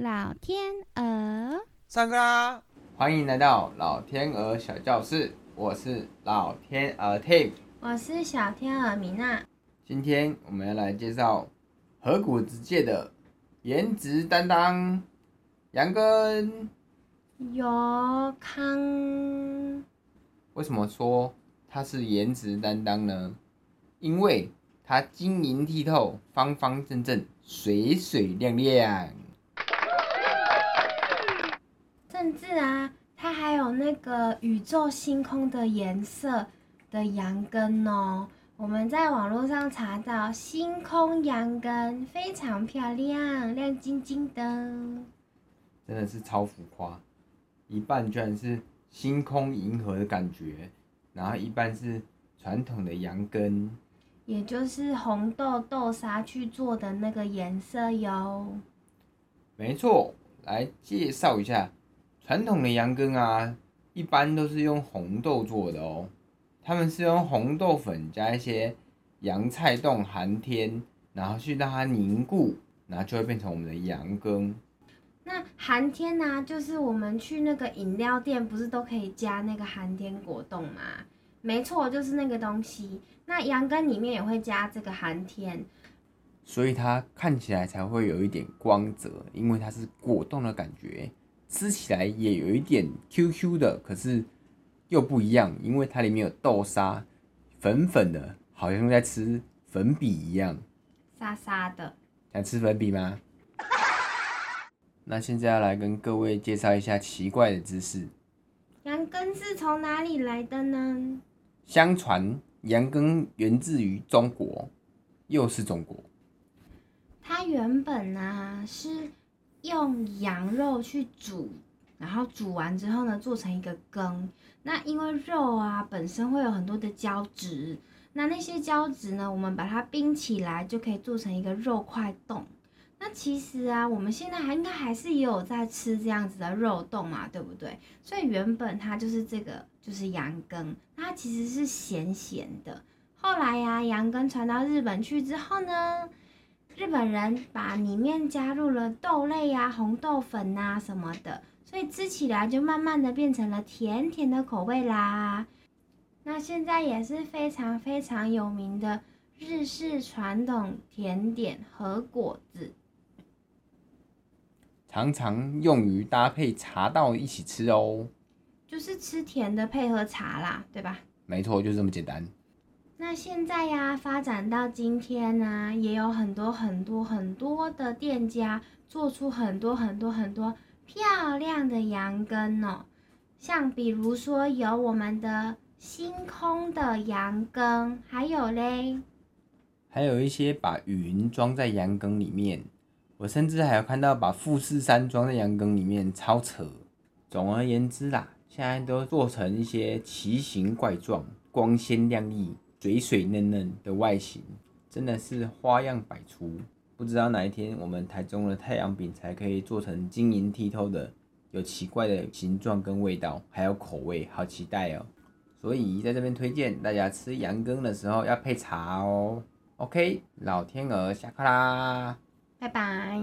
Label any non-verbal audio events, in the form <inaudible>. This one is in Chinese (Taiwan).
老天鵝，上課啦！歡迎來到老天鵝小教室，我是老天鵝 Tim，我是小天鵝米娜。今天我們要來介紹和菓子界的顏值擔當，羊羹，尤康。為什麼說他是顏值擔當呢？因為他晶瑩剔透，方方正正，水水亮亮。甚至啊，它還有那個宇宙星空的顏色的羊羹哦。我們在網絡上查到，星空羊羹非常漂亮，亮晶晶的。真的是超浮誇，一半居然是星空銀河的感覺，然後一半是傳統的羊羹，也就是紅豆豆沙去做的那個顏色喲。沒錯，來介紹一下。傳統的羊羹啊，一般都是用紅豆做的哦。他們是用紅豆粉加一些洋菜凍、寒天，然後去讓它凝固，然後就會變成我們的羊羹。那寒天呢、啊？就是我們去那個飲料店，不是都可以加那個寒天果凍嗎？沒錯，就是那個東西。那羊羹裡面也會加這個寒天，所以它看起來才會有一點光澤，因為它是果凍的感覺。吃起來也有一點 QQ 的，可是又不一樣，因為它裡面有豆沙，粉粉的，好像在吃粉筆一樣，沙沙的。想吃粉筆嗎？ <laughs> 那現在要來跟各位介紹一下奇怪的知識。羊羹是從哪裡來的呢？相傳羊羹源自於中國，又是中國。它原本呢、啊、是。用羊肉去煮，然後煮完之後呢，做成一個羹。那因為肉啊本身會有很多的膠質，那那些膠質呢，我們把它冰起來就可以做成一個肉塊凍。那其實啊，我們現在還應該還是也有在吃這樣子的肉凍嘛，對不對？所以原本它就是這個，就是羊羹，它其實是鹹鹹的。後來呀，羊羹傳到日本去之後呢，日本人把裡面加入了豆類呀、啊、紅豆粉吶、啊、什麼的，所以吃起來就慢慢的變成了甜甜的口味啦。那現在也是非常非常有名的日式傳統甜點和果子，常常用於搭配茶道一起吃哦。就是吃甜的配合茶啦，對吧？沒錯，就這麼簡單。那現在呀，發展到今天呢，也有很多很多很多的店家做出很多很多很多漂亮的羊羹哦。像比如說有我們的星空的羊羹，還有嘞，還有一些把雲裝在羊羹裡面，我甚至還有看到把富士山裝在羊羹裡面，超扯。總而言之啦，現在都做成一些奇形怪狀、光鮮亮麗。水水嫩嫩的外形，真的是花樣百出。不知道哪一天我們台中的太陽餅才可以做成晶瑩剔透的，有奇怪的形狀跟味道，還有口味，好期待哦！所以在這邊推薦大家吃羊羹的時候要配茶哦。OK，老天鵝下課啦，拜拜。